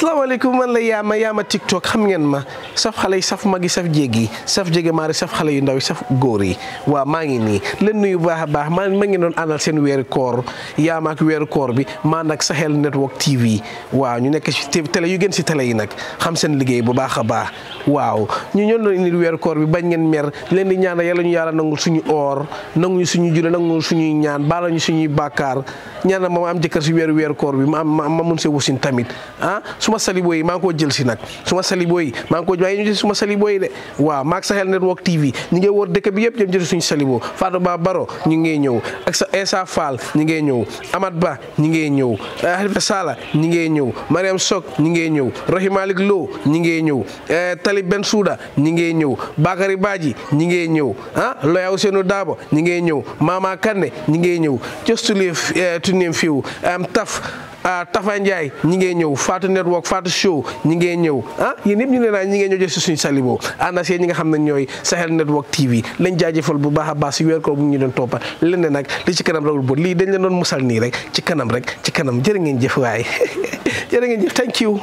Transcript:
Assalamualaikum man la yama tiktok xam ngeen ma saf xalé saf magi saf djegi saf djegi mari saf xalé yu ndaw saf gori wa waaw ngi nuyu baax baax ma ma ngi koor yama ak wéru koor bi Sahel Network TV wow ñu nek ci télé yu gën si télé yi nak xam sen liggéey bu baax baax waaw ñu non ni wéru koor bi bañ ngeen mer len di ñaan yàlla ñu yàlla nangul suñu or nangul suñu jule nangul suñu ñaan ba lañu suñu ñaan ma am si wéru wéru koor bi ma ma mënse wusin tamit ah suma sali boy maa ko jël ci nak suma sali boy maa ko jël ñu suma sali boy de wa max Sahel Network TV ñi ngi wor dekk bi yépp jëm jël suñu Fatou Ba Baro ñi ngi ñëw ak sa Essa Fall ñi ngi ñëw Amad Ba ñi ngi ñëw Halifa Sala ñi ngi ñëw Mariam Sok ñi ngi ñëw Rahim Malik Lo ñi ngi ñëw Talib Ben Souda ñi ngi ñëw bakari Badji ñi ngi ñëw ah Loya Seno Dabo ñi ngi ñëw Mama Kane ñi ngi ñëw just to tunim to am taf Ah, Tafa Ndiaye ñi ngee ñëw Fatou Network Fatou Show ñi ngee ñëw ah yéen ñu ne naa ñi ngee ñëw jël si suñu salibo ànd si ñi nga xam ne ñooy Sahel Network TV lañ jaajëfal bu baax a baax si weer ko bu ñu doon toppa leen ne nag li ci kanam rawul bët lii dañ leen doon musal nii rek ci kanam rek ci kanam jërë ngeen jëf waaye jërë ngeen thank you